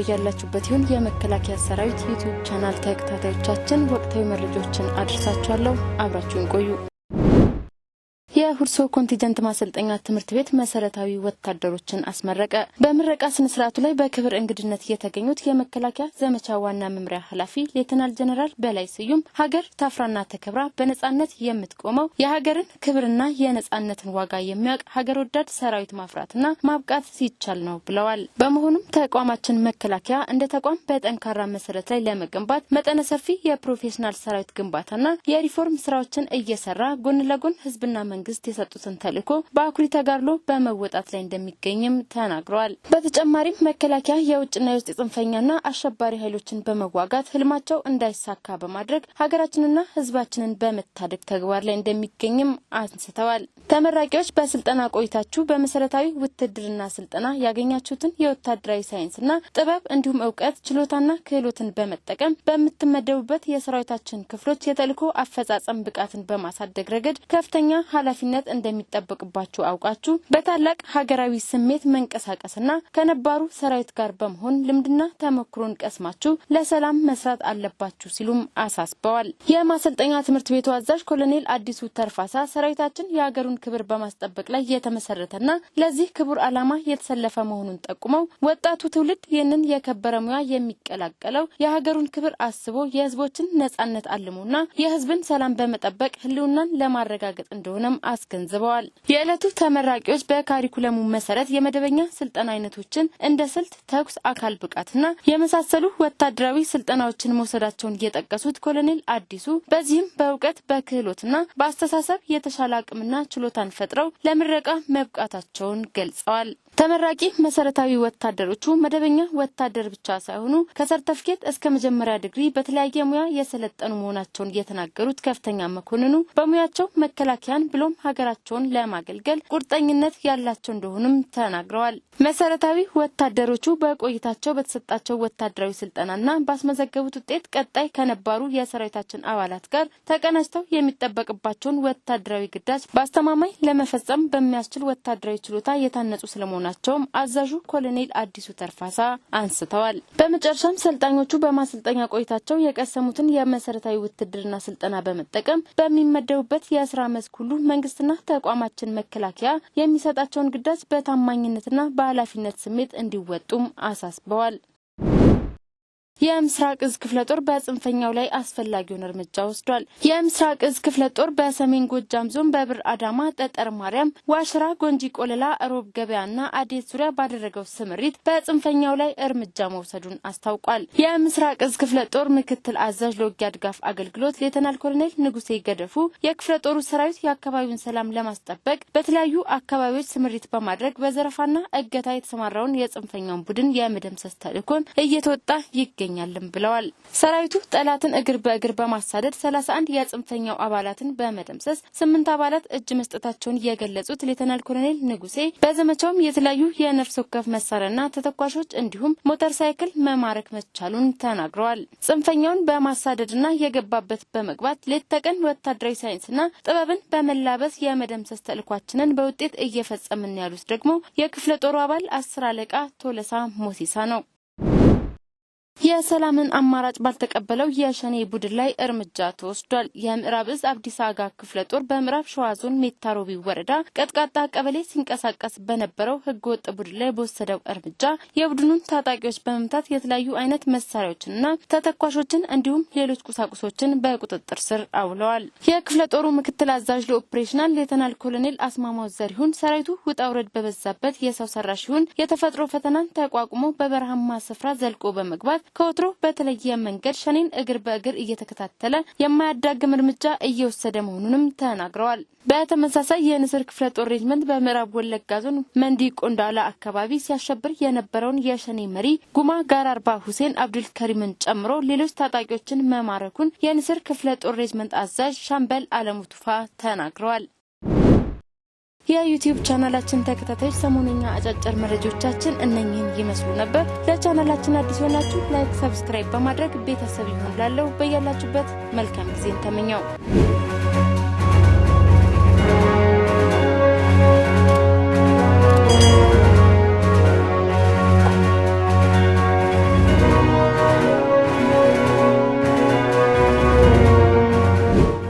በያላችሁበት ይሁን። የመከላከያ ሰራዊት ዩቲዩብ ቻናል ተከታታዮቻችን ወቅታዊ መረጃዎችን አድርሳችኋለሁ። አብራችሁን ቆዩ። የሁርሶ ኮንቲጀንት ማሰልጠኛ ትምህርት ቤት መሰረታዊ ወታደሮችን አስመረቀ። በምረቃ ስነስርዓቱ ላይ በክብር እንግድነት የተገኙት የመከላከያ ዘመቻ ዋና መምሪያ ኃላፊ ሌተናል ጀነራል በላይ ስዩም ሀገር ታፍራና ተከብራ በነጻነት የምትቆመው የሀገርን ክብርና የነጻነትን ዋጋ የሚያውቅ ሀገር ወዳድ ሰራዊት ማፍራትና ማብቃት ሲቻል ነው ብለዋል። በመሆኑም ተቋማችን መከላከያ እንደ ተቋም በጠንካራ መሰረት ላይ ለመገንባት መጠነ ሰፊ የፕሮፌሽናል ሰራዊት ግንባታና የሪፎርም ስራዎችን እየሰራ ጎን ለጎን ህዝብና መንግስት መንግስት የሰጡትን ተልዕኮ በአኩሪ ተጋድሎ በመወጣት ላይ እንደሚገኝም ተናግረዋል። በተጨማሪም መከላከያ የውጭና የውስጥ የጽንፈኛና አሸባሪ ኃይሎችን በመዋጋት ህልማቸው እንዳይሳካ በማድረግ ሀገራችንና ህዝባችንን በመታደግ ተግባር ላይ እንደሚገኝም አንስተዋል። ተመራቂዎች በስልጠና ቆይታችሁ በመሰረታዊ ውትድርና ስልጠና ያገኛችሁትን የወታደራዊ ሳይንስና ጥበብ እንዲሁም እውቀት ችሎታና ክህሎትን በመጠቀም በምትመደቡበት የሰራዊታችን ክፍሎች የተልኮ አፈጻጸም ብቃትን በማሳደግ ረገድ ከፍተኛ ኃላፊነት እንደሚጠበቅባችሁ አውቃችሁ በታላቅ ሀገራዊ ስሜት መንቀሳቀስና ከነባሩ ሰራዊት ጋር በመሆን ልምድና ተሞክሮን ቀስማችሁ ለሰላም መስራት አለባችሁ ሲሉም አሳስበዋል። የማሰልጠኛ ትምህርት ቤቱ አዛዥ ኮሎኔል አዲሱ ተርፋሳ ሰራዊታችን የሀገሩን ክብር በማስጠበቅ ላይ የተመሰረተና ለዚህ ክቡር ዓላማ የተሰለፈ መሆኑን ጠቁመው ወጣቱ ትውልድ ይህንን የከበረ ሙያ የሚቀላቀለው የሀገሩን ክብር አስቦ የሕዝቦችን ነጻነት አልሞና የሕዝብን ሰላም በመጠበቅ ህልውናን ለማረጋገጥ እንደሆነም አስገንዝበዋል። የዕለቱ ተመራቂዎች በካሪኩለሙ መሰረት የመደበኛ ስልጠና አይነቶችን እንደ ስልት፣ ተኩስ፣ አካል ብቃትና የመሳሰሉ ወታደራዊ ስልጠናዎችን መውሰዳቸውን የጠቀሱት ኮሎኔል አዲሱ በዚህም በእውቀት በክህሎትና በአስተሳሰብ የተሻለ አቅምና ችሎ ችሎታን ፈጥረው ለምረቃ መብቃታቸውን ገልጸዋል። ተመራቂ መሰረታዊ ወታደሮቹ መደበኛ ወታደር ብቻ ሳይሆኑ ከሰርተፍኬት እስከ መጀመሪያ ዲግሪ በተለያየ ሙያ የሰለጠኑ መሆናቸውን የተናገሩት ከፍተኛ መኮንኑ በሙያቸው መከላከያን ብሎም ሀገራቸውን ለማገልገል ቁርጠኝነት ያላቸው እንደሆኑም ተናግረዋል። መሰረታዊ ወታደሮቹ በቆይታቸው በተሰጣቸው ወታደራዊ ስልጠናና ባስመዘገቡት ውጤት ቀጣይ ከነባሩ የሰራዊታችን አባላት ጋር ተቀናጅተው የሚጠበቅባቸውን ወታደራዊ ግዳጅ ባስተማ በአስተማማኝ ለመፈጸም በሚያስችል ወታደራዊ ችሎታ የታነጹ ስለመሆናቸውም አዛዡ ኮሎኔል አዲሱ ተርፋሳ አንስተዋል። በመጨረሻም ሰልጣኞቹ በማሰልጠኛ ቆይታቸው የቀሰሙትን የመሰረታዊ ውትድርና ስልጠና በመጠቀም በሚመደቡበት የስራ መስክ ሁሉ መንግስትና ተቋማችን መከላከያ የሚሰጣቸውን ግዳጅ በታማኝነትና በኃላፊነት ስሜት እንዲወጡም አሳስበዋል። የምስራቅ እዝ ክፍለ ጦር በጽንፈኛው ላይ አስፈላጊውን እርምጃ ወስዷል። የምስራቅ እዝ ክፍለ ጦር በሰሜን ጎጃም ዞን በብር አዳማ፣ ጠጠር ማርያም፣ ዋሽራ፣ ጎንጂ ቆለላ፣ ሮብ ገበያና አዴት ዙሪያ ባደረገው ስምሪት በጽንፈኛው ላይ እርምጃ መውሰዱን አስታውቋል። የምስራቅ እዝ ክፍለ ጦር ምክትል አዛዥ ለውጊያ ድጋፍ አገልግሎት ሌተናል ኮሎኔል ንጉሴ ገደፉ የክፍለ ጦሩ ሰራዊት የአካባቢውን ሰላም ለማስጠበቅ በተለያዩ አካባቢዎች ስምሪት በማድረግ በዘረፋና እገታ የተሰማራውን የጽንፈኛውን ቡድን የመደምሰስ ተልዕኮን እየተወጣ ይገኛል ይገኛልም ብለዋል። ሰራዊቱ ጠላትን እግር በእግር በማሳደድ 31 የጽንፈኛው አባላትን በመደምሰስ ስምንት አባላት እጅ መስጠታቸውን የገለጹት ሌተናል ኮሎኔል ንጉሴ በዘመቻውም የተለያዩ የነፍስ ወከፍ መሳሪያና ተተኳሾች እንዲሁም ሞተር ሳይክል መማረክ መቻሉን ተናግረዋል። ጽንፈኛውን በማሳደድና የገባበት በመግባት ሌት ተቀን ወታደራዊ ሳይንስና ጥበብን በመላበስ የመደምሰስ ተልኳችንን በውጤት እየፈጸምን ያሉት ደግሞ የክፍለ ጦሩ አባል አስር አለቃ ቶለሳ ሞሲሳ ነው። የሰላምን አማራጭ ባልተቀበለው የሸኔ ቡድን ላይ እርምጃ ተወስዷል። የምዕራብ እዝ አብዲስ አጋ ክፍለ ጦር በምዕራብ ሸዋ ዞን ሜታሮቢ ወረዳ ቀጥቃጣ ቀበሌ ሲንቀሳቀስ በነበረው ህገወጥ ቡድን ላይ በወሰደው እርምጃ የቡድኑን ታጣቂዎች በመምታት የተለያዩ አይነት መሳሪያዎችንና ተተኳሾችን እንዲሁም ሌሎች ቁሳቁሶችን በቁጥጥር ስር አውለዋል። የክፍለ ጦሩ ምክትል አዛዥ ለኦፕሬሽናል ሌተናል ኮሎኔል አስማማው ዘሪሁን ሰራዊቱ ውጣ ውረድ በበዛበት የሰው ሰራሽ ይሁን የተፈጥሮ ፈተናን ተቋቁሞ በበረሃማ ስፍራ ዘልቆ በመግባት ከወትሮ በተለየ መንገድ ሸኔን እግር በእግር እየተከታተለ የማያዳግም እርምጃ እየወሰደ መሆኑንም ተናግረዋል። በተመሳሳይ የንስር ክፍለ ጦር ሬጅመንት በምዕራብ ወለጋ ዞን መንዲ ቆንዳላ አካባቢ ሲያሸብር የነበረውን የሸኔ መሪ ጉማ ጋር አርባ ሁሴን አብዱል ከሪምን ጨምሮ ሌሎች ታጣቂዎችን መማረኩን የንስር ክፍለ ጦር ሬጅመንት አዛዥ ሻምበል አለሙ ቱፋ ተናግረዋል። የዩቲዩብ ቻናላችን ተከታታዮች ሰሞነኛ አጫጭር መረጃዎቻችን እነኝህን ይመስሉ ነበር። ለቻናላችን አዲስ ሆናችሁ ላይክ፣ ሰብስክራይብ በማድረግ ቤተሰብ ይሁን ላለው በያላችሁበት መልካም ጊዜን ተመኘው።